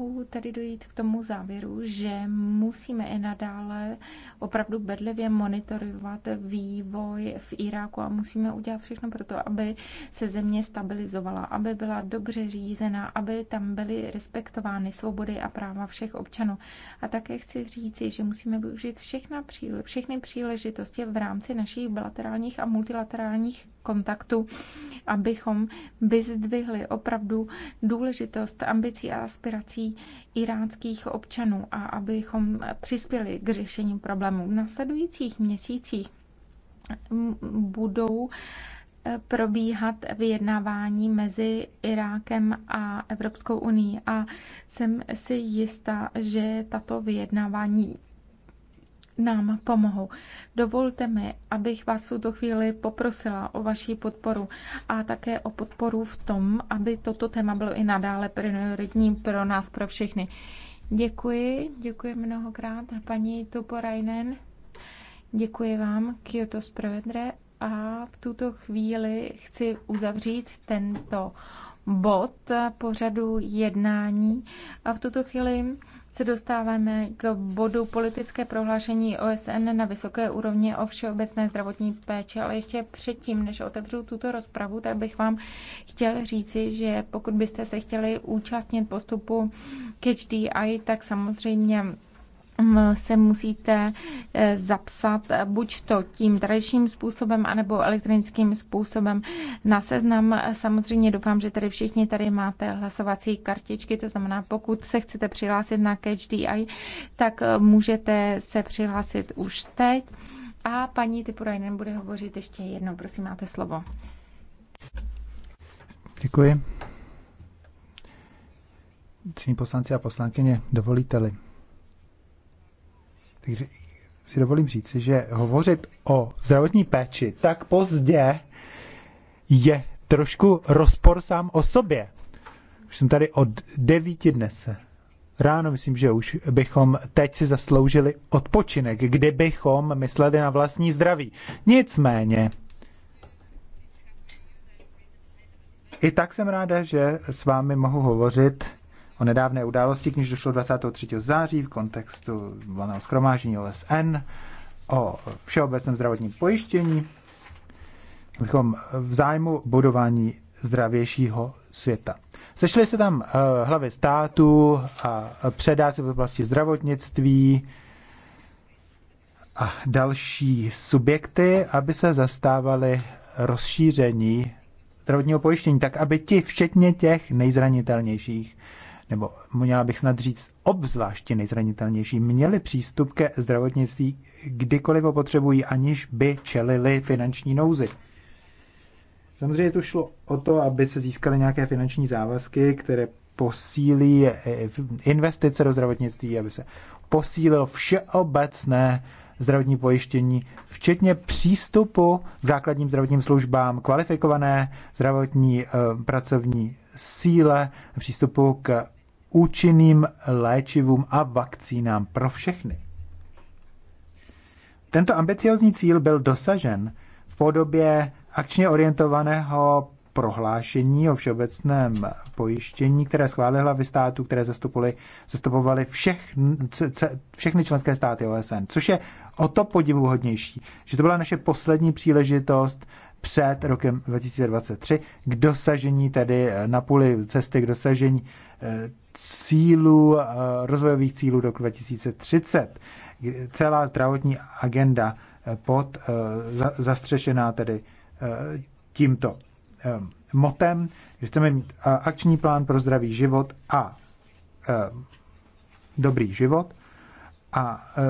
mohu tady dojít k tomu závěru, že musíme i nadále opravdu bedlivě monitorovat vývoj v Iráku a musíme udělat všechno pro to, aby se země stabilizovala, aby byla dobře řízena, aby tam byly respektovány svobody a práva všech občanů. A také chci říci, že musíme využít všechna příle- všechny příležitosti v rámci našich bilaterálních a multilaterálních kontaktu, abychom vyzdvihli opravdu důležitost ambicí a aspirací iránských občanů a abychom přispěli k řešení problémů. V následujících měsících budou eh, probíhat vyjednávání mezi Irákem a Evropskou unii a jsem si jistá, že tato vyjednávání nám pomohou. Dovolte mi, abych vás v tuto chvíli poprosila o vaši podporu a také o podporu v tom, aby toto téma bylo i nadále prioritním pro nás, pro všechny. Děkuji, děkuji mnohokrát paní Tuporajnen. Děkuji vám, Kyoto Sprovedre. A v tuto chvíli chci uzavřít tento bod pořadu jednání a v tuto chvíli se dostáváme k bodu politické prohlášení OSN na vysoké úrovni o všeobecné zdravotní péči, ale ještě předtím, než otevřu tuto rozpravu, tak bych vám chtěl říci, že pokud byste se chtěli účastnit postupu Catch DI, tak samozřejmě se musíte e, zapsat buď to tím tradičním způsobem, anebo elektronickým způsobem na seznam. Samozřejmě doufám, že tady všichni tady máte hlasovací kartičky, to znamená, pokud se chcete přihlásit na Catch DI, tak e, můžete se přihlásit už teď. A paní Typurajnen bude hovořit ještě jednou. Prosím, máte slovo. Děkuji. Cení poslanci a poslankyně, dovolíte-li, si dovolím říct, že hovořit o zdravotní péči tak pozdě je trošku rozpor sám o sobě. Už jsem tady od devíti dnes ráno, myslím, že už bychom teď si zasloužili odpočinek, kdybychom mysleli na vlastní zdraví. Nicméně, i tak jsem ráda, že s vámi mohu hovořit o nedávné události, k níž došlo 23. září v kontextu volného schromáždění OSN o všeobecném zdravotním pojištění, abychom v zájmu budování zdravějšího světa. Sešly se tam eh, hlavy států a předáci v oblasti zdravotnictví a další subjekty, aby se zastávali rozšíření zdravotního pojištění, tak aby ti, včetně těch nejzranitelnějších, nebo měla bych snad říct obzvláště nejzranitelnější, měli přístup ke zdravotnictví kdykoliv ho potřebují, aniž by čelili finanční nouzi. Samozřejmě to šlo o to, aby se získaly nějaké finanční závazky, které posílí eh, investice do zdravotnictví, aby se posílilo všeobecné zdravotní pojištění, včetně přístupu k základním zdravotním službám, kvalifikované zdravotní eh, pracovní síle, přístupu k účinným léčivům a vakcínám pro všechny. Tento ambiciozní cíl byl dosažen v podobě akčně orientovaného prohlášení o všeobecném pojištění, které schválily hlavy států, které zastupovali, všech, všechny členské státy OSN, což je o to podivuhodnější, že to byla naše poslední příležitost před rokem 2023 k dosažení tedy eh, na půli cesty k dosažení eh, cílů, eh, rozvojových cílů do roku 2030. Celá zdravotní agenda pod zastřešená tedy tímto motem, že chceme mít akční plán pro zdravý život a dobrý život a e,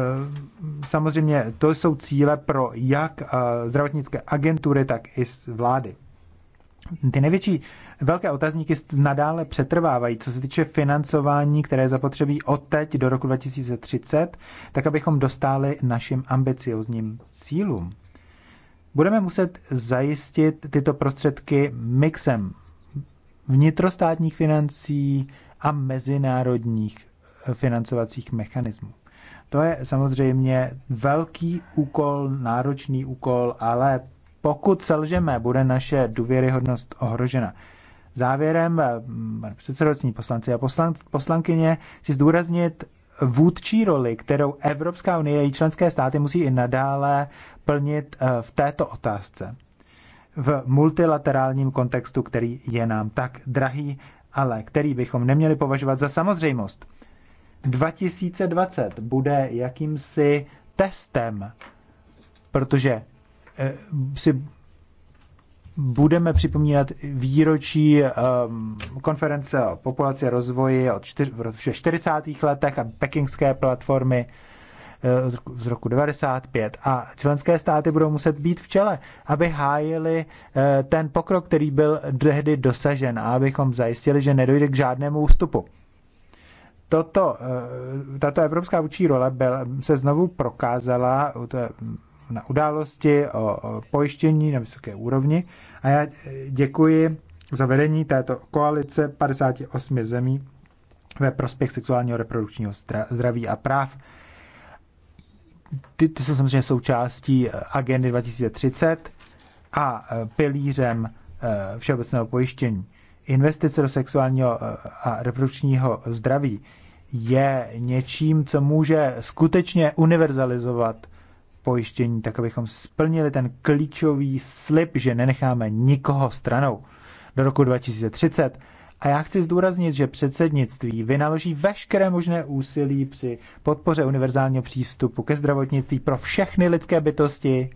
samozřejmě to jsou cíle pro jak e, zdravotnické agentury, tak i z vlády. Ty největší velké otazníky nadále přetrvávají, co se týče financování, které zapotřebí od teď do roku 2030, tak abychom dostali našim ambiciozním cílům. Budeme muset zajistit tyto prostředky mixem vnitrostátních financí a mezinárodních e, financovacích mechanismů. To je samozřejmě velký úkol, náročný úkol, ale pokud selžeme, bude naše důvěryhodnost ohrožena. Závěrem, mm, předsedocní poslanci a poslan, poslankyně, si zdůraznit vůdčí roli, kterou Evropská unie a její členské státy musí i nadále plnit eh, v této otázce. V multilaterálním kontextu, který je nám tak drahý, ale který bychom neměli považovat za samozřejmost. 2020 bude jakýmsi testem, protože eh, si budeme připomínat výročí ehm, konference o populaci a rozvoji od čtyř, v 40. letech a pekingské platformy eh, z roku 95 a členské státy budou muset být v čele, aby hájili eh, ten pokrok, který byl tehdy dosažen a abychom zajistili, že nedojde k žádnému ústupu toto, eh, tato evropská vůči role byl, se znovu prokázala na události o, o pojištění na vysoké úrovni a já eh, děkuji za vedení této koalice 58 zemí ve prospěch sexuálního reprodukčního zdraví a práv. Ty, ty jsou samozřejmě součástí eh, agendy 2030 a pilířem všeobecného pojištění investice do sexuálního eh, a reprodukčního zdraví je něčím, co může skutečně univerzalizovat pojištění, tak abychom splnili ten klíčový slib, že nenecháme nikoho stranou do roku 2030. A já chci zdůraznit, že předsednictví vynaloží veškeré možné úsilí při podpoře univerzálního přístupu ke zdravotnictví pro všechny lidské bytosti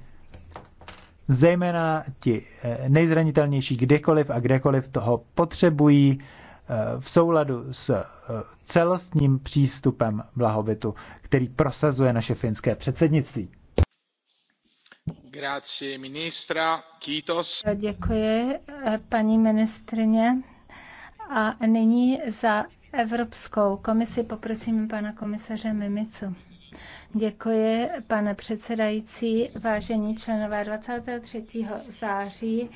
zejména ti eh, nejzranitelnější kdekoliv a kdekoliv toho potřebují eh, v souladu s eh, celostním přístupem blahobytu, který prosazuje naše finské předsednictví. Grazie, ministra. Kitos. Děkuji, paní ministrině. A nyní za Evropskou komisi poprosím pana komisaře Mimicu. Děkuji, pane předsedající, vážení členové 23. září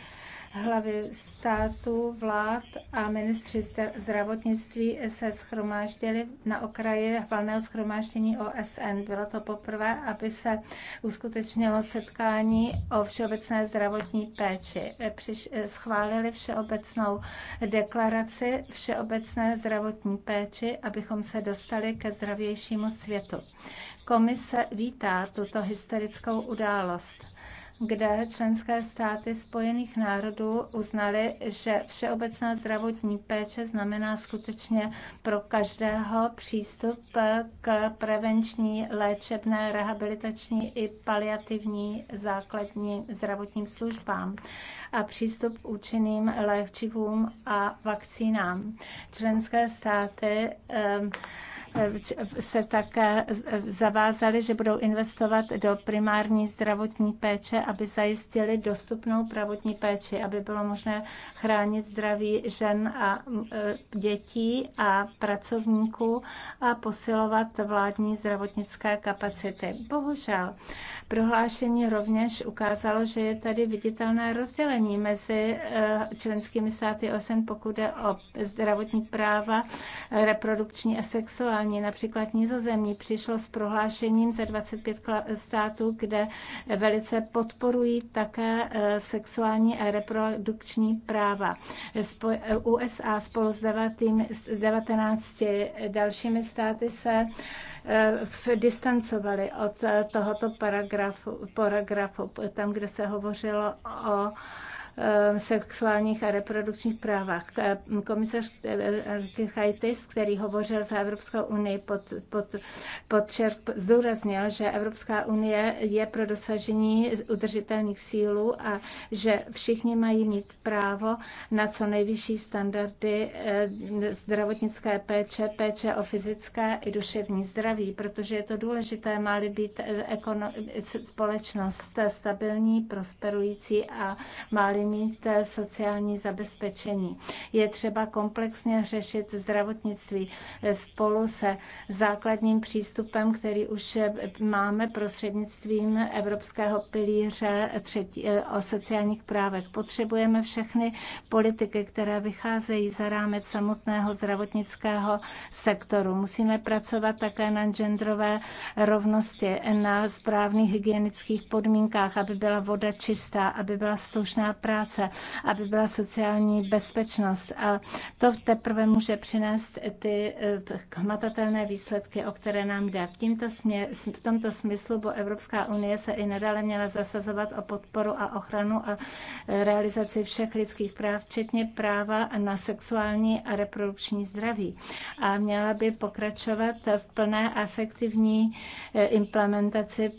Hlavy států, vlád a ministři zdravotnictví se schromáždili na okraji hlavného schromáždění OSN. Bylo to poprvé, aby se uskutečnilo setkání o všeobecné zdravotní péči. Přiš, schválili všeobecnou deklaraci všeobecné zdravotní péči, abychom se dostali ke zdravějšímu světu. Komise vítá tuto historickou událost kde členské státy Spojených národů uznaly, že všeobecná zdravotní péče znamená skutečně pro každého přístup k prevenční, léčebné, rehabilitační i paliativní základní zdravotním službám a přístup k účinným léčivům a vakcínám. Členské státy eh, se také zavázali, že budou investovat do primární zdravotní péče, aby zajistili dostupnou zdravotní péči, aby bylo možné chránit zdraví žen a e, dětí a pracovníků a posilovat vládní zdravotnické kapacity. Bohužel, prohlášení rovněž ukázalo, že je tady viditelné rozdělení mezi e, členskými státy OSN, pokud jde o zdravotní práva, reprodukční a sexuální země, například Nizozemí, přišlo s prohlášením ze 25 států, kde velice podporují také eh, sexuální a reprodukční práva. USA spolu s 19 dalšími státy se eh, distancovali od eh, tohoto paragrafu, paragrafu, tam, kde se hovořilo o Eh, sexuálních a reprodukčních právách. Eh, komisař eh, Kajtis, který hovořil za Evropskou unii, pod, pod, podčerp, zdůraznil, že Evropská unie je pro dosažení udržitelných sílů a že všichni mají mít právo na co nejvyšší standardy zdravotnické péče, péče o fyzické i duševní zdraví, protože je to důležité, má-li být společnost stabilní, prosperující a má-li mít eh, sociální zabezpečení. Je třeba komplexně řešit zdravotnictví eh, spolu se základním přístupem, který už eh, máme prostřednictvím Evropského pilíře třetí, o sociálních právech. Potřebujeme všechny politiky, které vycházejí za rámec samotného zdravotnického sektoru. Musíme pracovat také na genderové rovnosti, na správných hygienických podmínkách, aby byla voda čistá, aby byla slušná práce práce, aby byla sociální bezpečnost. A to teprve může přinést ty eh, hmatatelné výsledky, o které nám jde. V, tímto směr, v tomto smyslu bo Evropská unie se i nadále měla zasazovat o podporu a ochranu a eh, realizaci všech lidských práv, včetně práva na sexuální a reprodukční zdraví. A měla by pokračovat v plné a efektivní eh, implementaci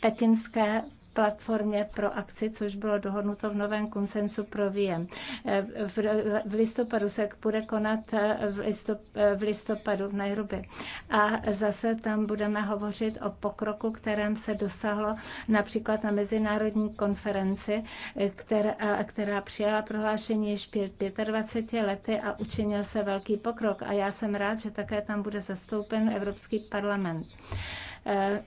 pekinské platformě pro akci, což bylo dohodnuto v novém konsensu pro výjem. V listopadu se bude konat eh, eh, v listopadu v Nairobi. A zase tam budeme hovořit o pokroku, kterém se dosáhlo například na mezinárodní konferenci, která, která přijala prohlášení již 25 lety a učinil se velký pokrok. A já jsem rád, že také tam bude zastoupen Evropský parlament eh,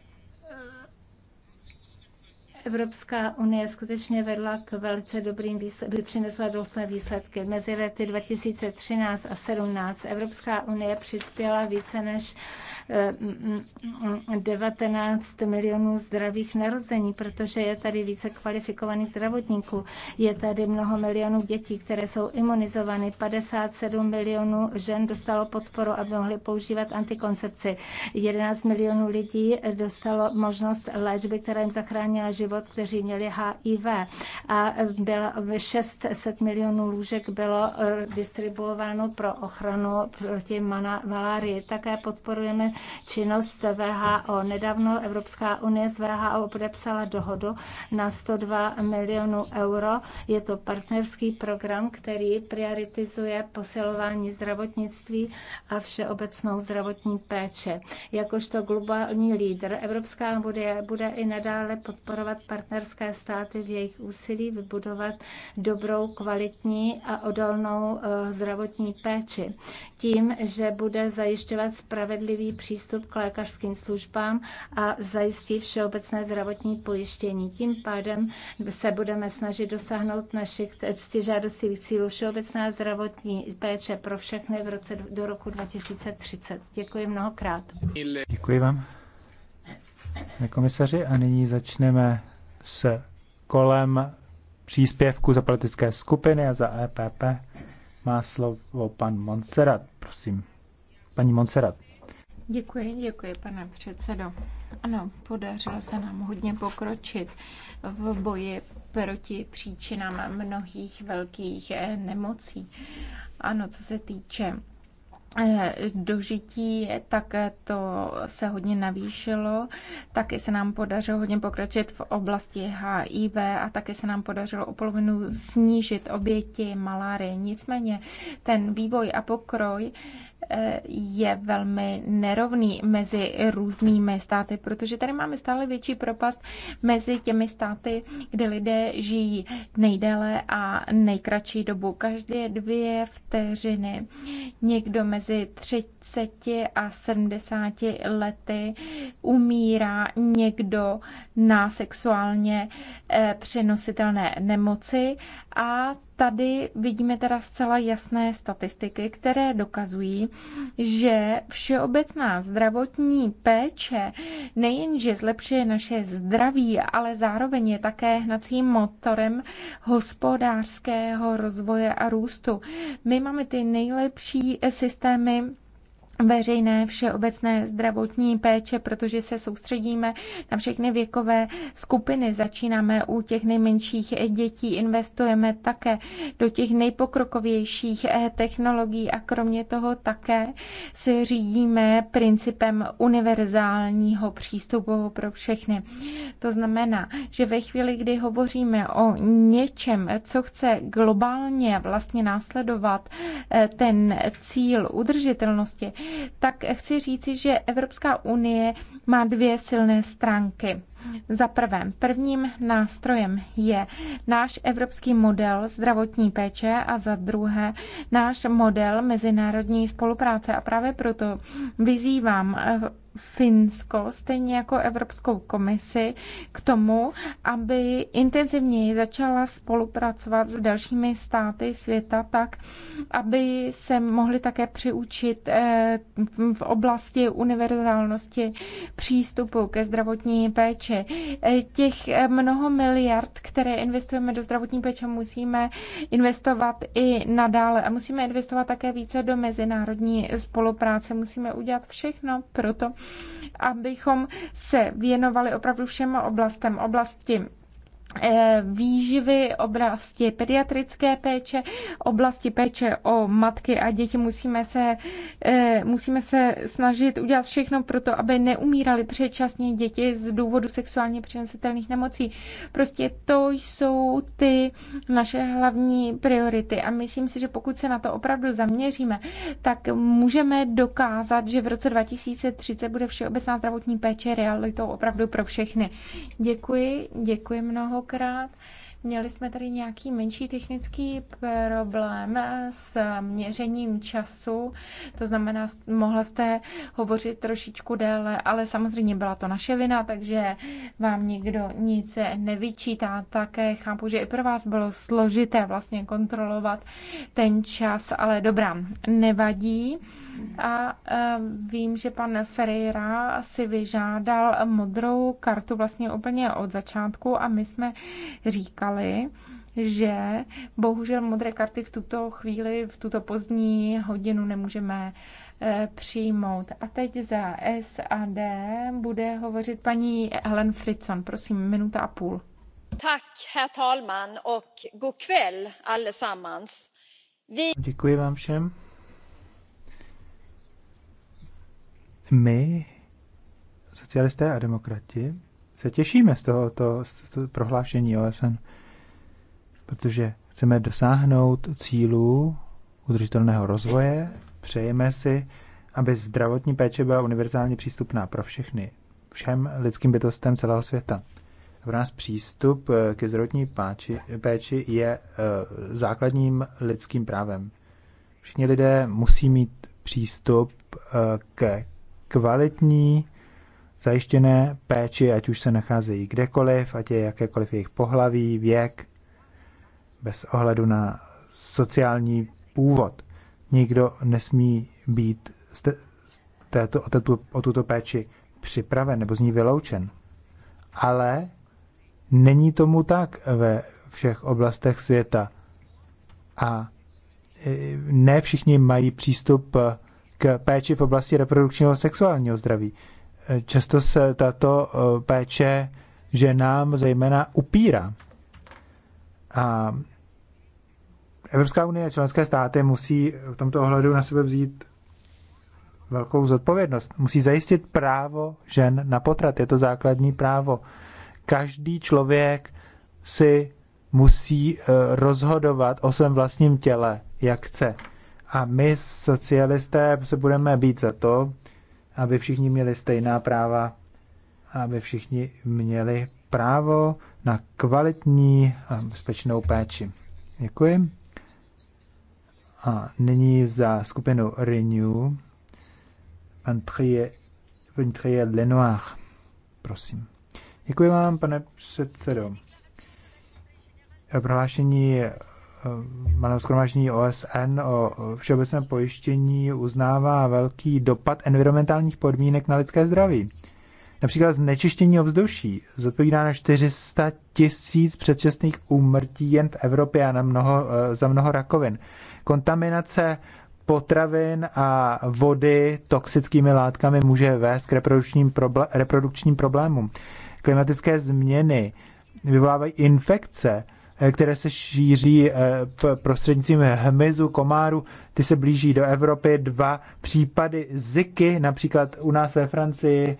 Evropská unie skutečně vedla k velice dobrým výsledkům, přinesla dosle výsledky. Mezi lety 2013 a 2017 Evropská unie přispěla více než 19 milionů zdravých narození, protože je tady více kvalifikovaných zdravotníků. Je tady mnoho milionů dětí, které jsou imunizovány. 57 milionů žen dostalo podporu, aby mohly používat antikoncepci. 11 milionů lidí dostalo možnost léčby, která jim zachránila život, kteří měli HIV. A bylo 600 milionů lůžek bylo eh, distribuováno pro ochranu proti malárii. Také podporujeme činnost VHO. Nedávno Evropská unie s VHO podepsala dohodu na 102 milionů euro. Je to partnerský program, který prioritizuje posilování zdravotnictví a všeobecnou zdravotní péče. Jakožto globální lídr Evropská unie bude i nadále podporovat partnerské státy v jejich úsilí vybudovat dobrou, kvalitní a odolnou eh, zdravotní péči. Tím, že bude zajišťovat spravedlivý přístup k lékařským službám a zajistí všeobecné zdravotní pojištění. Tím pádem se budeme snažit dosáhnout našich ctižádostivých cílů všeobecná zdravotní péče pro všechny v roce, do roku 2030. Děkuji mnohokrát. Děkuji vám. Pane komisaři, a nyní začneme s kolem příspěvku za politické skupiny a za EPP. Má slovo pan Monserrat, prosím. Paní Monserrat. Děkuji, děkuji, pane předsedo. Ano, podařilo se nám hodně pokročit v boji proti příčinám mnohých velkých eh, nemocí. Ano, co se týče eh, dožití, tak eh, to se hodně navýšilo. Taky se nám podařilo hodně pokročit v oblasti HIV a taky se nám podařilo o polovinu snížit oběti malárie. Nicméně ten vývoj a pokroj Eh, je velmi nerovný mezi různými státy, protože tady máme stále větší propast mezi těmi státy, kde lidé žijí nejdéle a nejkratší dobu. Každé dvě vteřiny někdo mezi 30 a 70 lety umírá někdo na sexuálně eh, přenositelné nemoci a Tady vidíme teda zcela jasné statistiky, které dokazují, že všeobecná zdravotní péče nejenže zlepšuje naše zdraví, ale zároveň je také hnacím motorem hospodářského rozvoje a růstu. My máme ty nejlepší systémy veřejné všeobecné zdravotní péče, protože se soustředíme na všechny věkové skupiny. Začínáme u těch nejmenších dětí, investujeme také do těch nejpokrokovějších eh, technologií a kromě toho také se řídíme principem univerzálního přístupu pro všechny. To znamená, že ve chvíli, kdy hovoříme o něčem, co chce globálně vlastně následovat eh, ten cíl udržitelnosti, tak chci říci, že Evropská unie má dvě silné stránky. Za prvé, prvním nástrojem je náš evropský model zdravotní péče a za druhé náš model mezinárodní spolupráce. A právě proto vyzývám eh, Finsko, stejně jako Evropskou komisi, k tomu, aby intenzivněji začala spolupracovat s dalšími státy světa tak, aby se mohli také přiučit eh, v oblasti univerzálnosti přístupu ke zdravotní péči péče. Těch e, mnoho miliard, které investujeme do zdravotní péče, musíme investovat i nadále a musíme investovat také více do mezinárodní spolupráce. Musíme udělat všechno pro to, abychom se věnovali opravdu všem oblastem, oblasti Eh, výživy, oblasti pediatrické péče, oblasti péče o matky a děti. Musíme se, eh, musíme se snažit udělat všechno pro to, aby neumírali předčasně děti z důvodu sexuálně přenositelných nemocí. Prostě to jsou ty naše hlavní priority a myslím si, že pokud se na to opravdu zaměříme, tak můžeme dokázat, že v roce 2030 bude všeobecná zdravotní péče realitou opravdu pro všechny. Děkuji, děkuji mnoho mnohokrát Měli jsme tady nějaký menší technický problém s měřením času, to znamená, mohla jste hovořit trošičku déle, ale samozřejmě byla to naše vina, takže vám nikdo nic nevyčítá. Také chápu, že i pro vás bylo složité vlastně kontrolovat ten čas, ale dobrá, nevadí. A e, vím, že pan Ferreira si vyžádal modrou kartu vlastně úplně od začátku a my jsme říkali, říkali, že bohužel modré karty v tuto chvíli, v tuto pozdní hodinu nemůžeme eh, přijmout. A teď za SAD bude hovořit paní Helen Fritson. Prosím, minuta a půl. Tak, herr talman, och god kväll allesammans. Vi... Děkuji vám všem. My, socialisté a demokrati, se těšíme z tohoto z toho prohlášení OSN protože chceme dosáhnout cílů udržitelného rozvoje. Přejeme si, aby zdravotní péče byla univerzálně přístupná pro všechny, všem lidským bytostem celého světa. V nás přístup eh, ke zdravotní péči, péči je eh, základním lidským právem. Všichni lidé musí mít přístup eh, ke kvalitní zajištěné péči, ať už se nacházejí kdekoliv, ať je jakékoliv jejich pohlaví, věk, bez ohledu na sociální původ. Nikdo nesmí být z této, o, tuto, o tuto péči připraven nebo z ní vyloučen. Ale není tomu tak ve všech oblastech světa. A e, ne všichni mají přístup k péči v oblasti reprodukčního sexuálního zdraví. E, často se tato e, péče ženám zejména upírá. A Evropská unie a členské státy musí v tomto ohledu na sebe vzít velkou zodpovědnost. Musí zajistit právo žen na potrat. Je to základní právo. Každý člověk si musí eh, rozhodovat o svém vlastním těle, jak chce. A my, socialisté, se budeme být za to, aby všichni měli stejná práva, aby všichni měli právo na kvalitní a bezpečnou péči. Děkuji. A nyní za skupinu Renew pan Trier Lenoir. Prosím. Děkuji vám, pane předsedo. Prohlášení eh, malého schromáždění OSN o všeobecném pojištění uznává velký dopad environmentálních podmínek na lidské zdraví. Například znečištění ovzduší zodpovídá na 400 tisíc předčasných úmrtí jen v Evropě a na mnoho, eh, za mnoho rakovin. Kontaminace potravin a vody toxickými látkami může vést k reprodukčním, problé- reprodukčním problémům. Klimatické změny vyvolávají infekce, eh, které se šíří eh, prostřednictvím hmyzu, komáru, ty se blíží do Evropy. Dva případy Ziky, například u nás ve Francii,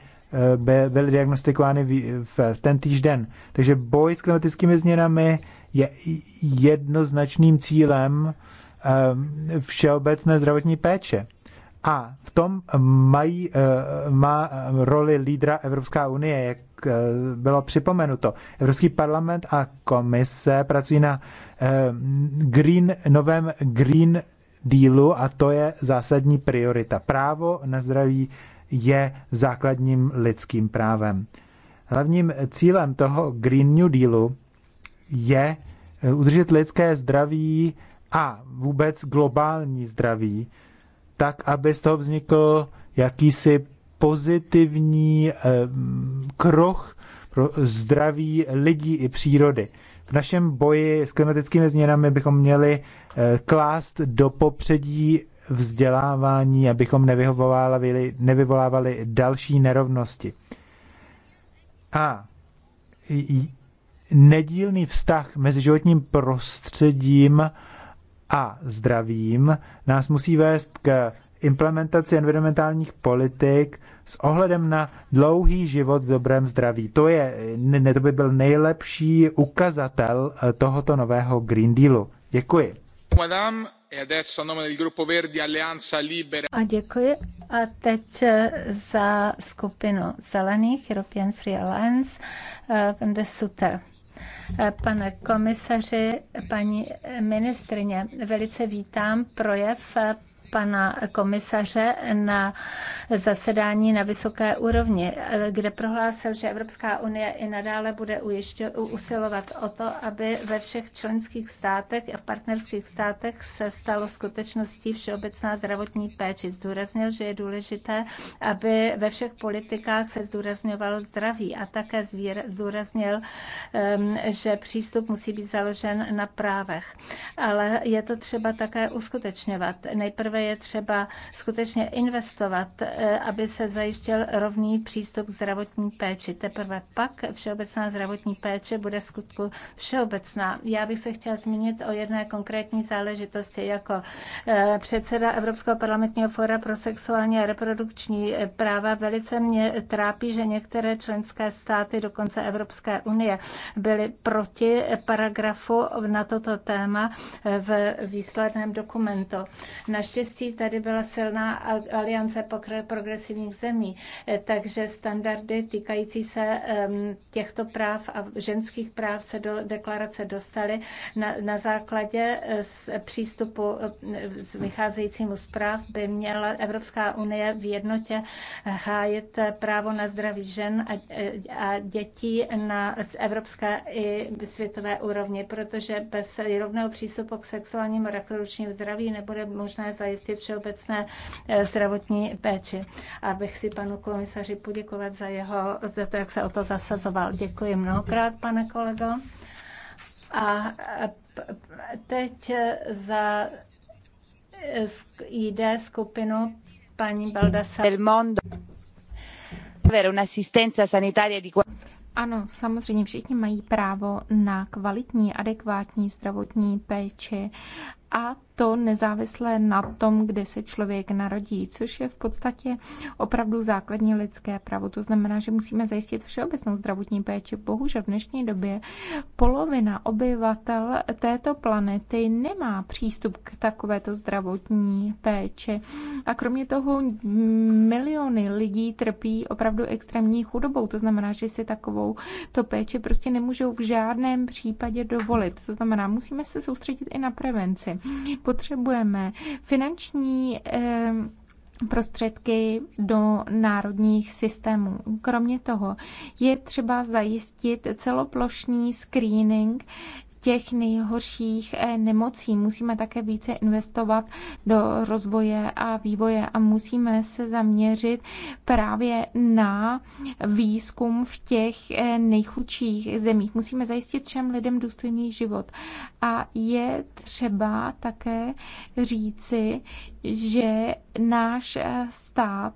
byly diagnostikovány v ten týžden. Takže boj s klimatickými změnami je jednoznačným cílem ehm, všeobecné zdravotní péče. A v tom mají, eh, má roli lídra Evropská unie, jak eh, bylo připomenuto. Evropský parlament a komise pracují na ehm, green, novém Green Dealu a to je zásadní priorita. Právo na zdraví je základním lidským právem. Hlavním cílem toho Green New Dealu je eh, udržet lidské zdraví a vůbec globální zdraví, tak, aby z toho vznikl jakýsi pozitivní eh, kruh pro zdraví lidí i přírody. V našem boji s klimatickými změnami bychom měli eh, klást do popředí vzdělávání, abychom nevyvolávali, nevyvolávali další nerovnosti. A nedílný vztah mezi životním prostředím a zdravím nás musí vést k implementaci environmentálních politik s ohledem na dlouhý život v dobrém zdraví. To, je, ne, to by byl nejlepší ukazatel eh, tohoto nového Green Dealu. Děkuji. Madame E a děkuji. A teď eh, za skupinu zelených European Free Alliance, eh, pan de Suter. Eh, pane komisaři, paní ministrině, velice vítám projev pana komisaře na zasedání na vysoké úrovni, kde prohlásil, že Evropská unie i nadále bude ujišťo, usilovat o to, aby ve všech členských státech a partnerských státech se stalo skutečností všeobecná zdravotní péči. Zdůraznil, že je důležité, aby ve všech politikách se zdůrazňovalo zdraví a také zdůraznil, že přístup musí být založen na právech. Ale je to třeba také uskutečňovat. Nejprve je třeba skutečně investovat, eh, aby se zajištěl rovný přístup k zdravotní péči. Teprve pak všeobecná zdravotní péče bude skutku všeobecná. Já bych se chtěla zmínit o jedné konkrétní záležitosti jako eh, předseda Evropského parlamentního fóra pro sexuální a reprodukční eh, práva. Velice mě trápí, že některé členské státy, dokonce Evropské unie, byly proti paragrafu na toto téma v výsledném dokumentu. Naštěstí naštěstí tady byla silná aliance progresivních zemí, eh, takže standardy týkající se těchto práv a ženských práv se do deklarace dostaly na, na základě eh, eh, z přístupu z vycházejícímu zpráv by měla Evropská unie v jednotě hájit právo na zdraví žen a, a dětí na z evropské i světové úrovni, protože bez rovného přístupu k sexuálnímu reprodukčnímu zdraví nebude možné zajistit zajistit všeobecné eh, zdravotní péči. A bych si panu komisaři poděkovat za jeho, za to, jak se o to zasazoval. Děkuji mnohokrát, pane kolego. A eh, teď eh, za jde skupinu paní Baldasa. Del mondo. ano, samozřejmě všichni mají právo na kvalitní, adekvátní zdravotní péči a to nezávisle na tom, kde se člověk narodí, což je v podstatě opravdu základní lidské právo. To znamená, že musíme zajistit všeobecnou zdravotní péči. Bohužel v dnešní době polovina obyvatel této planety nemá přístup k takovéto zdravotní péči. A kromě toho miliony lidí trpí opravdu extrémní chudobou. To znamená, že si takovou to péči prostě nemůžou v žádném případě dovolit. To znamená, musíme se soustředit i na prevenci potřebujeme finanční eh, prostředky do národních systémů. Kromě toho je třeba zajistit celoplošný screening těch nejhorších eh, nemocí. Musíme také více investovat do rozvoje a vývoje a musíme se zaměřit právě na výzkum v těch eh, nejchudších zemích. Musíme zajistit všem lidem důstojný život. A je třeba také říci, že náš eh, stát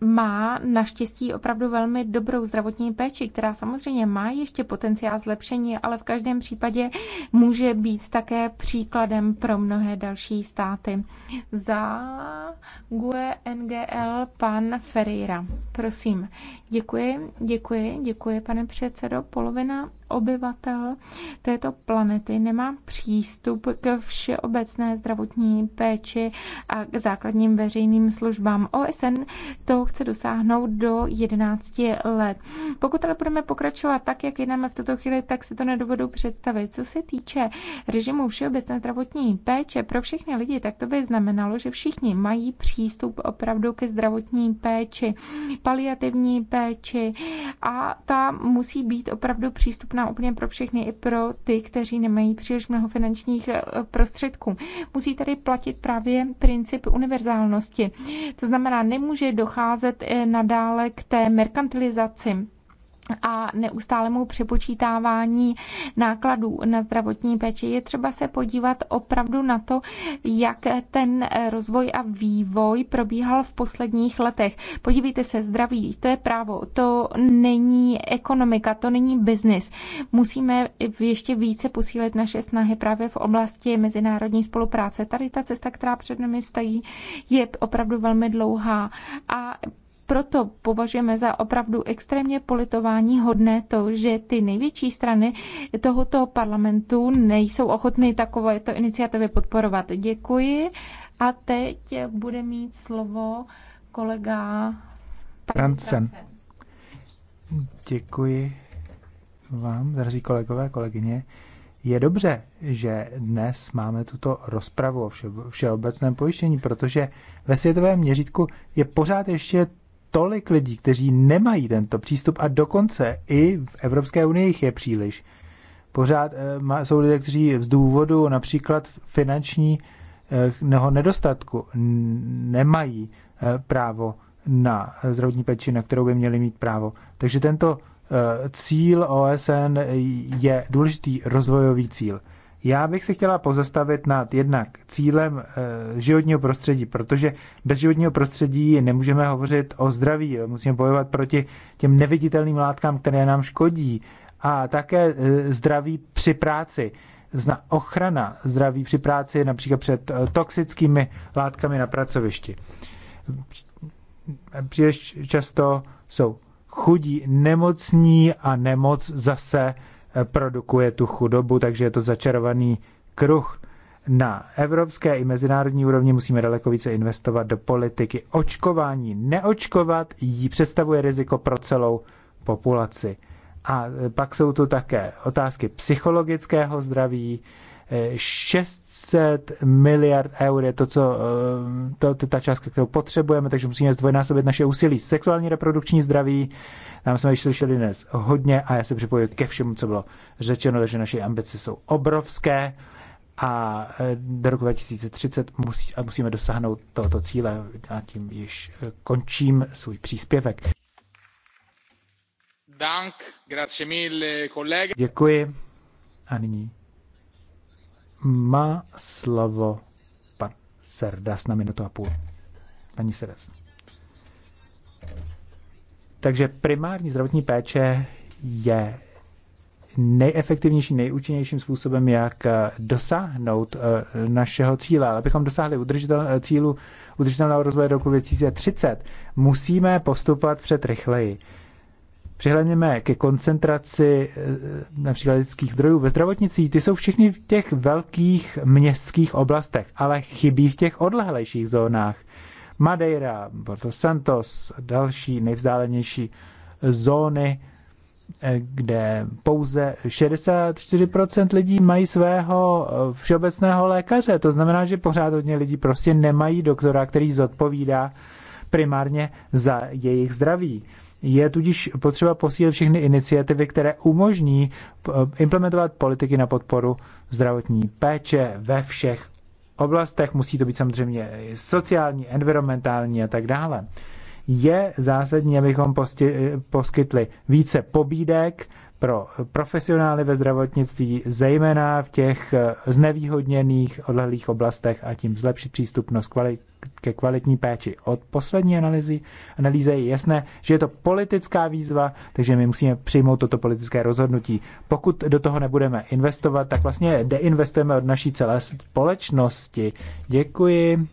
má naštěstí opravdu velmi dobrou zdravotní péči, která samozřejmě má ještě potenciál zlepšení, ale v každém případě může být také příkladem pro mnohé další státy. Za GUE NGL pan Ferreira. Prosím. Děkuji, děkuji, děkuji, pane předsedo. Polovina obyvatel této planety nemá přístup k všeobecné zdravotní péči a k základním veřejným službám. OSN to chce dosáhnout do 11 let. Pokud ale budeme pokračovat tak, jak jdeme v tuto chvíli, tak si to nedovedu představit. Co se týče režimu všeobecné zdravotní péče pro všechny lidi, tak to by znamenalo, že všichni mají přístup opravdu ke zdravotní péči, paliativní péči a ta musí být opravdu přístupná otevřená úplně pro všechny, i pro ty, kteří nemají příliš mnoho finančních eh, prostředků. Musí tady platit právě princip univerzálnosti. To znamená, nemůže docházet eh, nadále k té merkantilizaci a neustálému přepočítávání nákladů na zdravotní péči. Je třeba se podívat opravdu na to, jak ten rozvoj a vývoj probíhal v posledních letech. Podívejte se, zdraví, to je právo, to není ekonomika, to není biznis. Musíme ještě více posílit naše snahy právě v oblasti mezinárodní spolupráce. Tady ta cesta, která před námi stojí, je opravdu velmi dlouhá a proto považujeme za opravdu extrémně politování hodné to, že ty největší strany tohoto parlamentu nejsou ochotny takovéto iniciativy podporovat. Děkuji. A teď bude mít slovo kolega Francen. Děkuji vám, drazí kolegové, kolegyně. Je dobře, že dnes máme tuto rozpravu o všeobecném pojištění, protože ve světovém měřítku je pořád ještě tolik lidí, kteří nemají tento přístup a dokonce i v Evropské unii jich je příliš. Pořád eh, jsou lidé, kteří z důvodu například finančního eh, nedostatku nemají eh, právo na zdravotní péči, na kterou by měli mít právo. Takže tento cíl OSN je důležitý rozvojový cíl. Já bych se chtěla pozastavit nad jednak cílem eh, životního prostředí, protože bez životního prostředí nemůžeme hovořit o zdraví. Musíme bojovat proti těm neviditelným látkám, které nám škodí. A také eh, zdraví při práci. Zna ochrana zdraví při práci například před eh, toxickými látkami na pracovišti. Příliš často jsou chudí, nemocní a nemoc zase produkuje tu chudobu, takže je to začarovaný kruh. Na evropské i mezinárodní úrovni musíme daleko více investovat do politiky očkování. Neočkovat jí představuje riziko pro celou populaci. A pak jsou tu také otázky psychologického zdraví, 600 miliard eur je to, co, eh, to, to, ta částka, kterou potřebujeme, takže musíme zdvojnásobit naše úsilí. Sexuální reprodukční zdraví, tam jsme již slyšeli dnes hodně a já se připojuji ke všemu, co bylo řečeno, takže naše ambice jsou obrovské a eh, do roku 2030 musí, a musíme dosáhnout tohoto cíle a tím již eh, končím svůj příspěvek. Dank, grazie mille, kolega. Děkuji a nyní má slovo pan Serdas na minutu a půl. Paní Serdas. Takže primární zdravotní péče je nejefektivnějším, nejúčinnějším způsobem, jak eh, dosáhnout eh, našeho cíle. Ale abychom dosáhli udržitel, eh, cílu udržitelného rozvoje do roku 2030, musíme postupovat před rychleji. Přihledněme ke koncentraci eh, například lidských zdrojů ve zdravotnicích, Ty jsou všichni v těch velkých městských oblastech, ale chybí v těch odlehlejších zónách. Madeira, Porto Santos, další nejvzdálenější zóny, eh, kde pouze 64% lidí mají svého eh, všeobecného lékaře. To znamená, že pořád hodně lidí prostě nemají doktora, který zodpovídá primárně za jejich zdraví. Je tudíž potřeba posílit všechny iniciativy, které umožní eh, implementovat politiky na podporu zdravotní péče ve všech oblastech. Musí to být samozřejmě sociální, environmentální a tak dále. Je zásadní, abychom posti, poskytli více pobídek pro profesionály ve zdravotnictví, zejména v těch eh, znevýhodněných odlehlých oblastech a tím zlepšit přístupnost kvalit, ke kvalitní péči. Od poslední analýzy, analýze je jasné, že je to politická výzva, takže my musíme přijmout toto politické rozhodnutí. Pokud do toho nebudeme investovat, tak vlastně deinvestujeme od naší celé společnosti. Děkuji.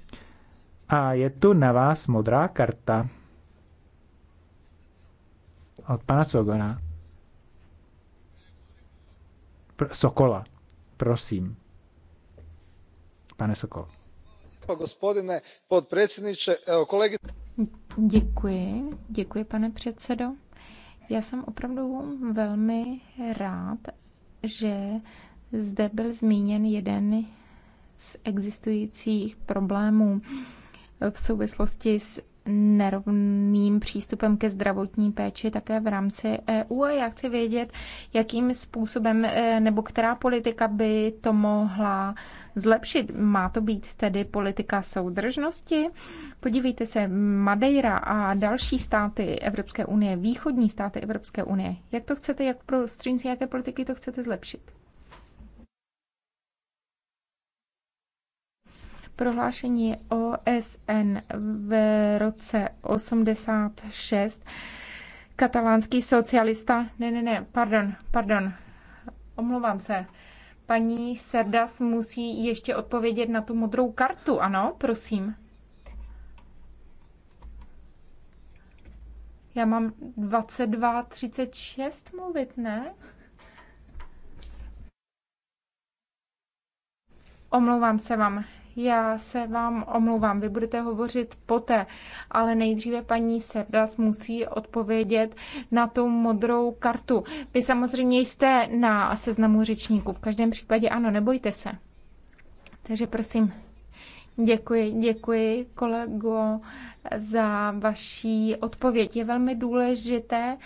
A je tu na vás modrá karta. Od pana Cogona. Sokola. Prosím. Pane Sokol gospodine podpredsjedniče. Děkuji, děkuji pane předsedo. Já jsem opravdu velmi rád, že zde byl zmíněn jeden z existujících problémů v souvislosti s nerovným přístupem ke zdravotní péči také v rámci EU a já chci vědět, jakým způsobem eh, nebo která politika by to mohla zlepšit. Má to být tedy politika soudržnosti? Podívejte se, Madeira a další státy Evropské unie, východní státy Evropské unie, jak to chcete, jak prostřednictvím jaké politiky to chcete zlepšit? prohlášení OSN v roce 86 katalánský socialista, ne, ne, ne, pardon, pardon, omlouvám se, paní Serdas musí ještě odpovědět na tu modrou kartu, ano, prosím. Já mám 22.36 mluvit, ne? Omlouvám se vám já se vám omlouvám, vy budete hovořit poté, ale nejdříve paní Serdas musí odpovědět na tu modrou kartu. Vy samozřejmě jste na seznamu řečníků, v každém případě ano, nebojte se. Takže prosím. Děkuji, děkuji kolego za vaší odpověď. Je velmi důležité,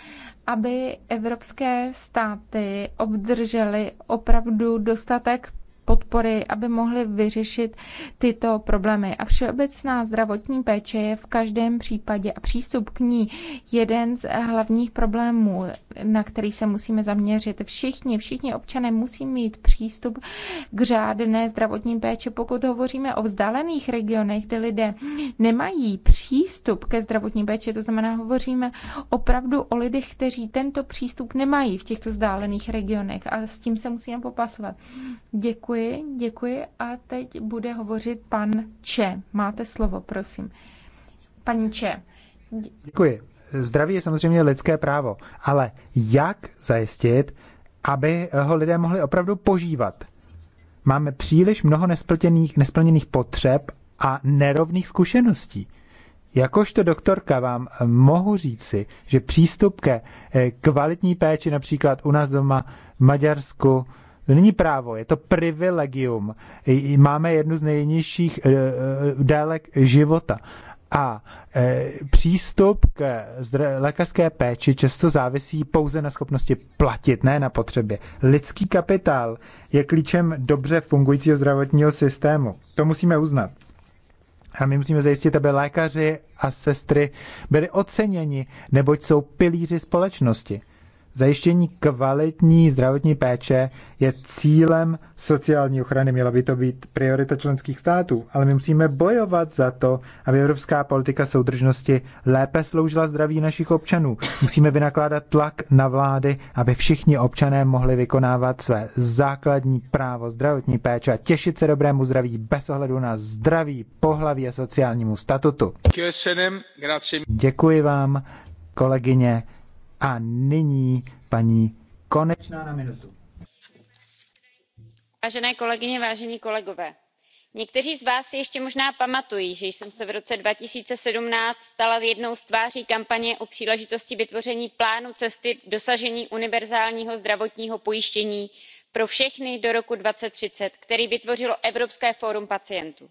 aby evropské státy obdržely opravdu dostatek podpory, aby mohli vyřešit tyto problémy. A všeobecná zdravotní péče je v každém případě a přístup k ní jeden z hlavních problémů, na který se musíme zaměřit. Všichni, všichni občané musí mít přístup k řádné zdravotní péči. Pokud hovoříme o vzdálených regionech, kde lidé nemají přístup ke zdravotní péči, to znamená, hovoříme opravdu o lidech, kteří tento přístup nemají v těchto vzdálených regionech a s tím se musíme popasovat. Děkuji Děkuji, děkuji a teď bude hovořit pan Če. Máte slovo, prosím. Paní Če. Děkuji. Zdraví je samozřejmě lidské právo, ale jak zajistit, aby ho lidé mohli opravdu požívat? Máme příliš mnoho nesplněných, nesplněných potřeb a nerovných zkušeností. Jakožto doktorka vám mohu říci, že přístup ke eh, kvalitní péči například u nás doma v Maďarsku to není právo, je to privilegium. Máme jednu z nejnižších e, e, délek života. A e, přístup k lékařské péči často závisí pouze na schopnosti platit, ne na potřebě. Lidský kapitál je klíčem dobře fungujícího zdravotního systému. To musíme uznat. A my musíme zajistit, aby lékaři a sestry byli oceněni, neboť jsou pilíři společnosti. Zajištění kvalitní zdravotní péče je cílem sociální ochrany. Měla by to být priorita členských států, ale my musíme bojovat za to, aby evropská politika soudržnosti lépe sloužila zdraví našich občanů. Musíme vynakládat tlak na vlády, aby všichni občané mohli vykonávat své základní právo zdravotní péče a těšit se dobrému zdraví bez ohledu na zdraví, pohlaví a sociálnímu statutu. Děkuji vám, kolegyně a nyní paní Konečná na minutu. Vážené kolegyně, vážení kolegové, někteří z vás si ještě možná pamatují že jsem se v roce 2017 stala jednou z tváří kampaně o příležitosti vytvoření plánu cesty k dosažení univerzálního zdravotního pojištění pro všechny do roku 2030, který vytvořilo evropské fórum pacientů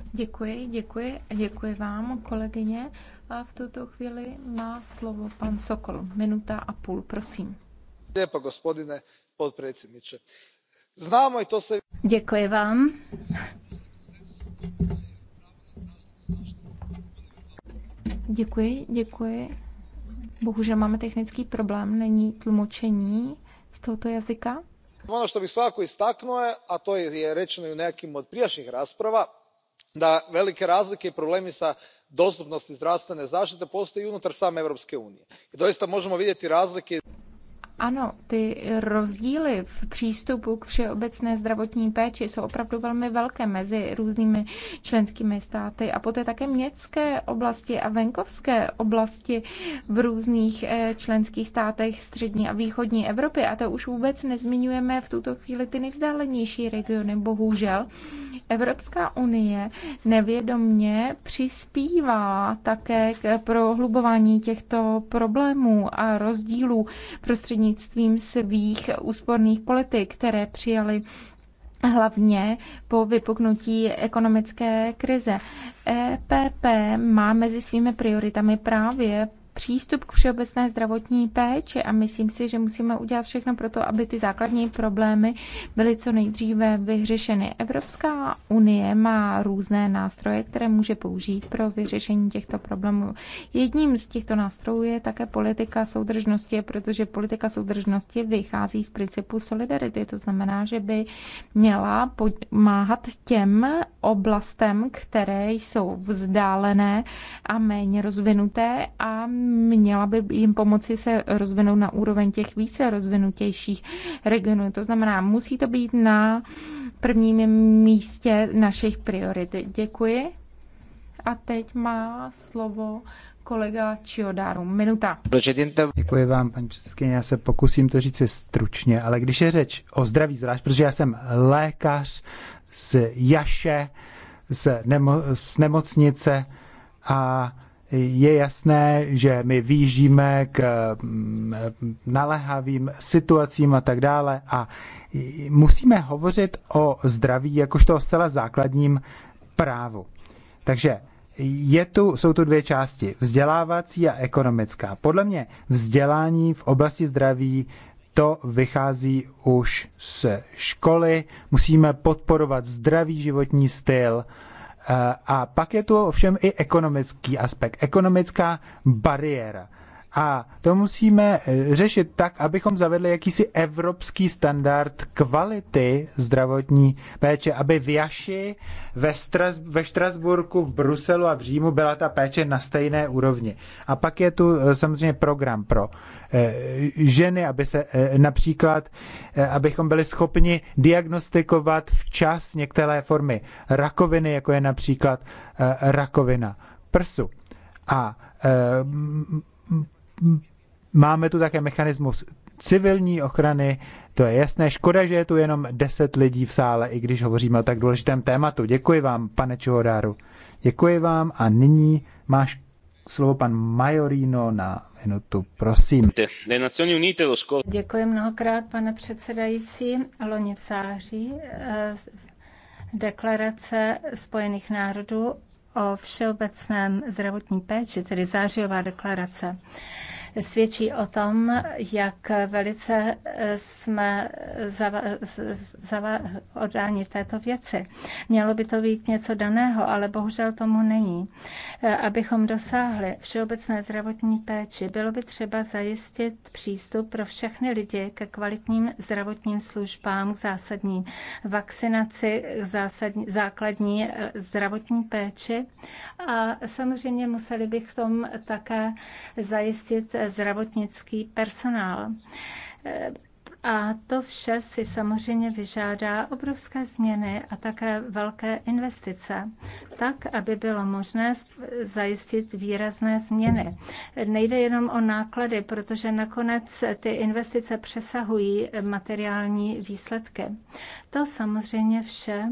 Děkuji, děkuji, a děkuji vám, kolegyně. A v tuto chvíli má slovo pan Sokol. Minuta a půl, prosím. Lepo, gospodine podpredsedniče. Známo to se... Děkuji vám. Děkuji, děkuji. Bohužel máme technický problém, není tlumočení z tohoto jazyka. Ono co bych svako istaknul, a to je řečeno i u nekim od prijašnjih rasprava, da velike razlike i problemi s dostupnosti zdravstvene zaštite postoje i unutar same europske unije i doista možemo vidjeti razlike. Ano, ty rozdíly v přístupu k všeobecné zdravotní péči jsou opravdu velmi velké mezi různými členskými státy a poté také městské oblasti a venkovské oblasti v různých eh, členských státech střední a východní Evropy. A to už vůbec nezmiňujeme v tuto chvíli ty nejvzdálenější regiony. Bohužel Evropská unie nevědomně přispívá také k prohlubování těchto problémů a rozdílů prostřední prostřednictvím svých úsporných politik, které přijali hlavně po vypuknutí ekonomické krize. EPP má mezi svými prioritami právě přístup k všeobecné zdravotní péči a myslím si, že musíme udělat všechno pro to, aby ty základní problémy byly co nejdříve vyřešeny. Evropská unie má různé nástroje, které může použít pro vyřešení těchto problémů. Jedním z těchto nástrojů je také politika soudržnosti, protože politika soudržnosti vychází z principu solidarity. To znamená, že by měla pomáhat těm oblastem, které jsou vzdálené a méně rozvinuté a měla by jim pomoci se rozvinout na úroveň těch více rozvinutějších regionů. To znamená, musí to být na prvním místě našich priorit. Děkuji. A teď má slovo kolega Čiodáru. Minuta. Děkuji vám, paní předsedkyně. Já se pokusím to říct stručně, ale když je řeč o zdraví zvlášť, protože já jsem lékař z Jaše, z, nemo, z nemocnice a je jasné, že my výjíždíme k mm, naléhavým situacím a tak dále a musíme hovořit o zdraví jakožto o zcela základním právu. Takže je tu, jsou tu dvě části, vzdělávací a ekonomická. Podle mě vzdělání v oblasti zdraví to vychází už z školy. Musíme podporovat zdravý životní styl, Eh, a pak je tu ovšem i ekonomický aspekt, ekonomická bariéra. A to musíme eh, řešit tak, abychom zavedli jakýsi evropský standard kvality zdravotní péče, aby v Jaši, ve, Stras, ve Štrasburku, v Bruselu a v Římu byla ta péče na stejné úrovni. A pak je tu eh, samozřejmě program pro eh, ženy, aby se například, abychom byli schopni diagnostikovat včas některé formy rakoviny, jako je například rakovina prsu. A máme tu také mechanismus civilní ochrany, to je jasné. Škoda, že je tu jenom 10 lidí v sále, i když hovoříme o tak důležitém tématu. Děkuji vám, pane Čuhodáru. Děkuji vám a nyní máš slovo pan Majorino na minutu, prosím. Děkuji mnohokrát, pane předsedající. Loni v září eh, deklarace Spojených národů o všeobecném zdravotní péči, tedy zářijová deklarace svědčí o tom, jak velice jsme odáni v této věci. Mělo by to být něco daného, ale bohužel tomu není. Abychom dosáhli všeobecné zdravotní péči, bylo by třeba zajistit přístup pro všechny lidi ke kvalitním zdravotním službám, k zásadní vakcinaci, k zásadní, základní eh, zdravotní péči a samozřejmě museli bych v tom také zajistit zdravotnický personál a to vše si samozřejmě vyžádá obrovské změny a také velké investice, tak, aby bylo možné zajistit výrazné změny. Nejde jenom o náklady, protože nakonec ty investice přesahují materiální výsledky. To samozřejmě vše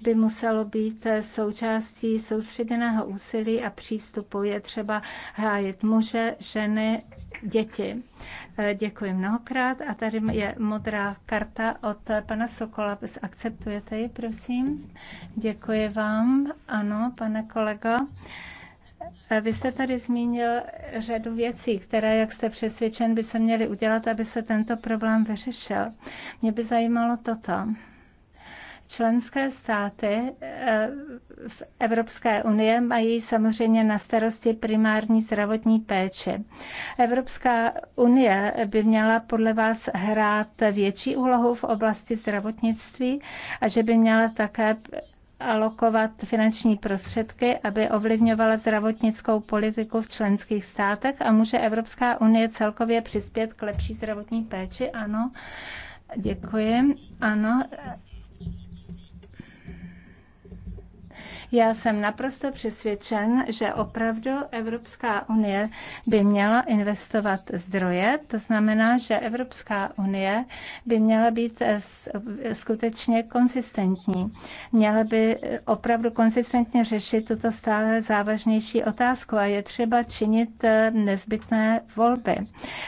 by muselo být součástí soustředěného úsilí a přístupu. Je třeba hájit muže, ženy, děti. Eh, děkuji mnohokrát a tady je modrá karta od pana Sokola. Akceptujete ji, prosím? Děkuji vám. Ano, pane kolego. Eh, vy jste tady zmínil řadu věcí, které, jak jste přesvědčen, by se měly udělat, aby se tento problém vyřešil. Mě by zajímalo toto. Členské státy eh, v Evropské unie mají samozřejmě na starosti primární zdravotní péči. Evropská unie by měla podle vás hrát větší úlohu v oblasti zdravotnictví a že by měla také alokovat finanční prostředky, aby ovlivňovala zdravotnickou politiku v členských státech a může Evropská unie celkově přispět k lepší zdravotní péči? Ano. Děkuji. Ano, Já jsem naprosto přesvědčen, že opravdu Evropská unie by měla investovat zdroje, to znamená, že Evropská unie by měla být skutečně konsistentní. Měla by opravdu konsistentně řešit tuto stále závažnější otázku a je třeba činit eh, nezbytné volby.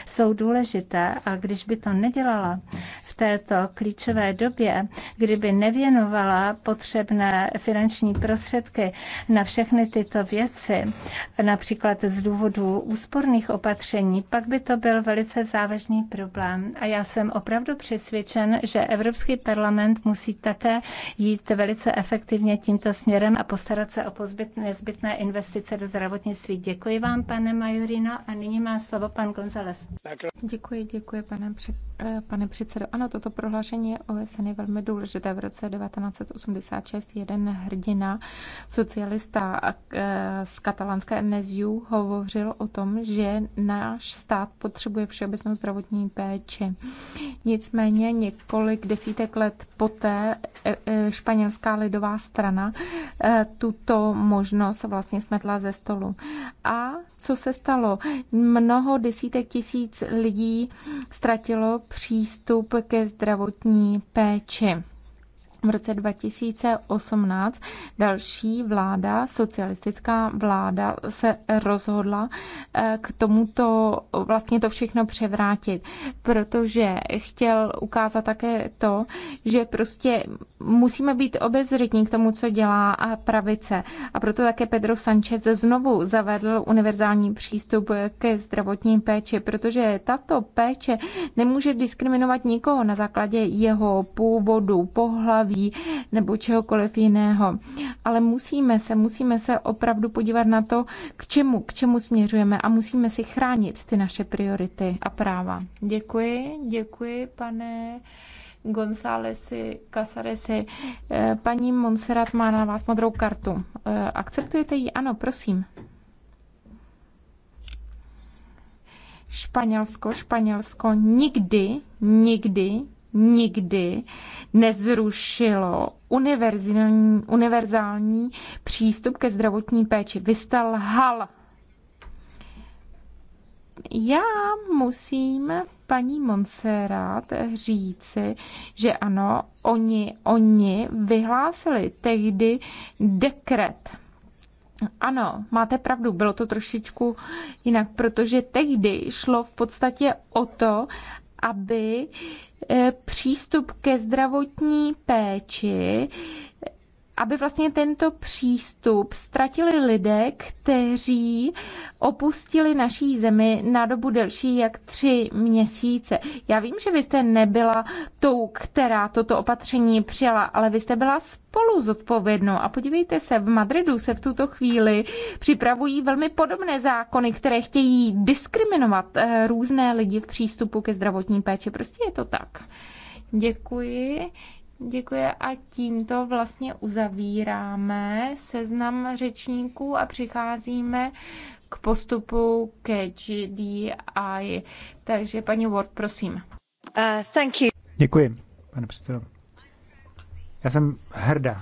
Jsou důležité a když by to nedělala v této klíčové době, kdyby nevěnovala potřebné finanční prostředky, prostředky na všechny tyto věci, například z důvodu úsporných opatření, pak by to byl velice závažný problém. A já jsem opravdu přesvědčen, že Evropský parlament musí také jít velice efektivně tímto směrem a postarat se o pozbyt nezbytné investice do zdravotnictví. Děkuji vám, pane Majorino, a nyní má slovo pan González. Děkuji, děkuji, pane, před, eh, pane předsedo. Ano, toto prohlášení OSN je velmi důležité. V roce 1986 jeden hrdina socialista e, z katalánské MNZU hovořil o tom, že náš stát potřebuje všeobecnou zdravotní péči. Nicméně několik desítek let poté e, e, španělská lidová strana tuto možnost vlastně smetla ze stolu. A co se stalo? Mnoho desítek tisíc lidí ztratilo přístup ke zdravotní péči v roce 2018 další vláda, socialistická vláda, se rozhodla eh, k tomuto vlastně to všechno převrátit, protože chtěl ukázat také to, že prostě musíme být obezřetní k tomu, co dělá pravice. A proto také Pedro Sanchez znovu zavedl univerzální přístup ke zdravotní péči, protože tato péče nemůže diskriminovat nikoho na základě jeho původu, pohlaví, zdraví nebo čehokoliv jiného. Ale musíme se, musíme se opravdu podívat na to, k čemu, k čemu směřujeme a musíme si chránit ty naše priority a práva. Děkuji, děkuji, pane Gonzálesi Casaresi. Eh, paní Monserrat má na vás modrou kartu. Eh, akceptujete ji? Ano, prosím. Španělsko, Španělsko nikdy, nikdy nikdy nezrušilo univerzální, univerzální přístup ke zdravotní péči. Vy jste lhal. Já musím paní Monserrat říci, že ano, oni, oni vyhlásili tehdy dekret. Ano, máte pravdu, bylo to trošičku jinak, protože tehdy šlo v podstatě o to, aby E, přístup ke zdravotní péči, aby vlastně tento přístup ztratili lidé, kteří opustili naší zemi na dobu delší jak tři měsíce. Já vím, že vy jste nebyla tou, která toto opatření přijala, ale vy jste byla spolu zodpovědnou. A podívejte se, v Madridu se v tuto chvíli připravují velmi podobné zákony, které chtějí diskriminovat eh, různé lidi v přístupu ke zdravotní péči. Prostě je to tak. Děkuji. Děkuji a tímto vlastně uzavíráme seznam řečníků a přicházíme k postupu ke GDI. Takže paní Ward, prosím. Uh, thank you. Děkuji, pane předsedo. Já jsem hrdá,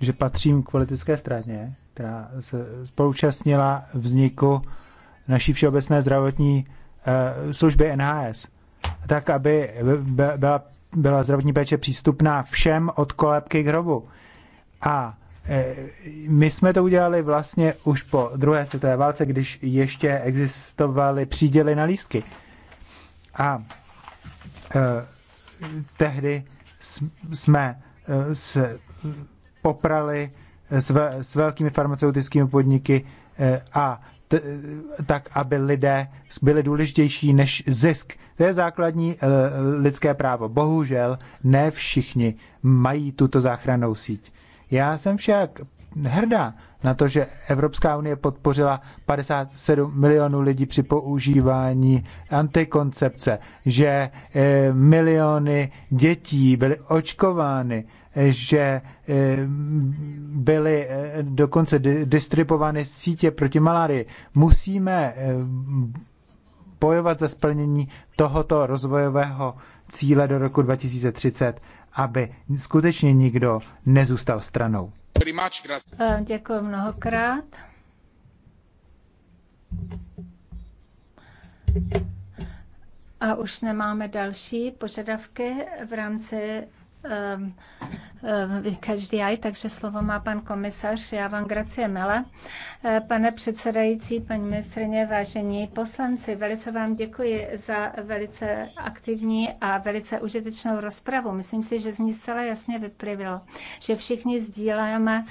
že patřím k politické straně, která se spolučastnila vzniku naší všeobecné zdravotní eh, služby NHS, tak aby byla, byla zdravotní péče přístupná všem od kolébky k hrobu. A Eh, my jsme to udělali vlastně už po druhé světové válce, když ještě existovaly příděly na lístky. A eh, tehdy jsme eh, se poprali s, s velkými farmaceutickými podniky eh, a t, tak, aby lidé byli důležitější než zisk. To je základní eh, lidské právo. Bohužel ne všichni mají tuto záchranou síť. Eh, já jsem však hrdá na to, že Evropská unie podpořila 57 milionů lidí při používání antikoncepce, že eh, miliony dětí byly očkovány, že eh, byly eh, dokonce distribuovány sítě proti malárii. Musíme bojovat za splnění tohoto rozvojového cíle do roku 2030 aby skutečně nikdo nezůstal stranou. Děkuji mnohokrát. A už nemáme další požadavky v rámci Ehm, ehm, každý aj, takže slovo má pan komisař. Já vám gracie mele. Eh, pane předsedající, paní ministrině, vážení poslanci, velice vám děkuji za velice aktivní a velice užitečnou rozpravu. Myslím si, že z ní zcela jasně vyplivilo, že všichni sdíláme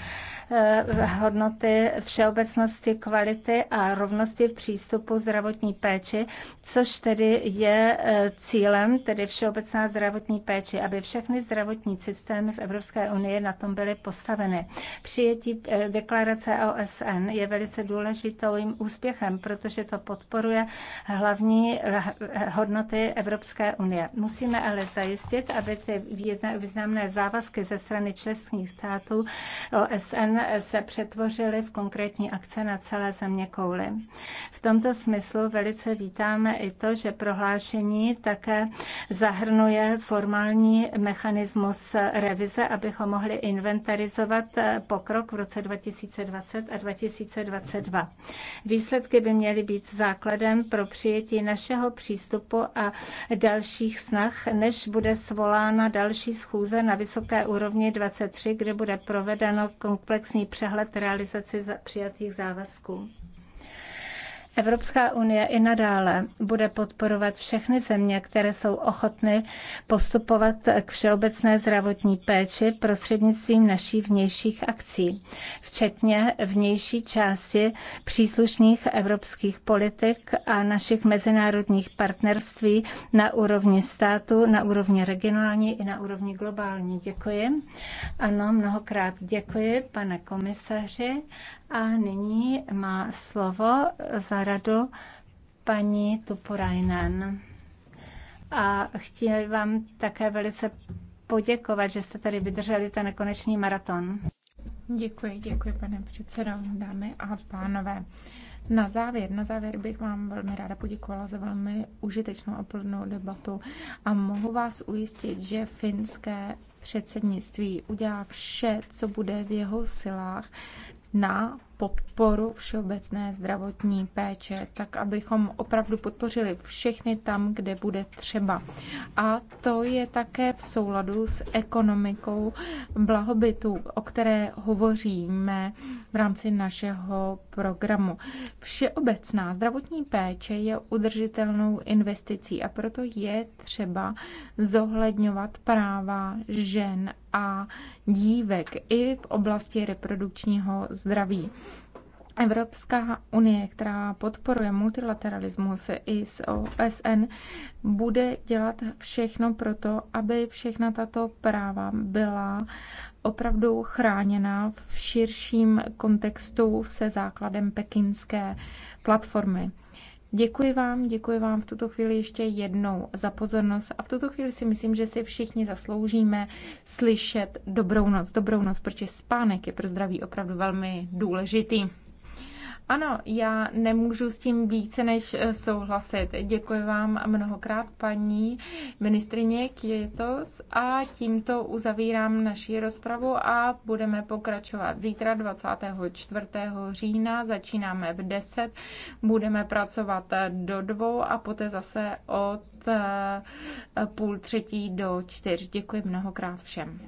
eh, hodnoty všeobecnosti, kvality a rovnosti v přístupu zdravotní péči, což tedy je eh, cílem, tedy všeobecná zdravotní péči, aby všechny zdravotní zdravotní systémy v Evropské unii na tom byly postaveny. Přijetí eh, deklarace OSN je velice důležitým úspěchem, protože to podporuje hlavní eh, hodnoty Evropské unie. Musíme ale zajistit, aby ty významné závazky ze strany členských států OSN se přetvořily v konkrétní akce na celé země kouly. V tomto smyslu velice vítáme i to, že prohlášení také zahrnuje formální mechanizmy mechanismus revize, abychom mohli inventarizovat pokrok v roce 2020 a 2022. Výsledky by měly být základem pro přijetí našeho přístupu a dalších snah, než bude svolána další schůze na vysoké úrovni 23, kde bude provedeno komplexní přehled realizace přijatých závazků. Evropská unie i nadále bude podporovat všechny země, které jsou ochotny postupovat k všeobecné zdravotní péči prostřednictvím našich vnějších akcí, včetně vnější části příslušných evropských politik a našich mezinárodních partnerství na úrovni státu, na úrovni regionální i na úrovni globální. Děkuji. Ano, mnohokrát děkuji, pane komisaři. A nyní má slovo za radu paní Tuporajnen. A chtěl vám také velice poděkovat, že jste tady vydrželi ten nekonečný maraton. Děkuji, děkuji, pane předsedo, dámy a pánové. Na závěr, na závěr bych vám velmi ráda poděkovala za velmi užitečnou a plnou debatu a mohu vás ujistit, že finské předsednictví udělá vše, co bude v jeho silách, na podporu všeobecné zdravotní péče, tak abychom opravdu podpořili všechny tam, kde bude třeba. A to je také v souladu s ekonomikou blahobytu, o které hovoříme v rámci našeho programu. Všeobecná zdravotní péče je udržitelnou investicí a proto je třeba zohledňovat práva žen a dívek i v oblasti reprodukčního zdraví. Evropská unie, která podporuje multilateralismus i s OSN, bude dělat všechno pro to, aby všechna tato práva byla opravdu chráněna v širším kontextu se základem pekinské platformy. Děkuji vám, děkuji vám v tuto chvíli ještě jednou za pozornost a v tuto chvíli si myslím, že si všichni zasloužíme slyšet dobrou noc, dobrou noc, protože spánek je pro zdraví opravdu velmi důležitý. Ano, já nemůžu s tím více než eh, souhlasit. Děkuji vám mnohokrát, paní ministrině Kietos, a tímto uzavírám naši rozpravu a budeme pokračovat. Zítra 24. října začínáme v 10, budeme pracovat eh, do dvou a poté zase od eh, půl třetí do čtyř. Děkuji mnohokrát všem.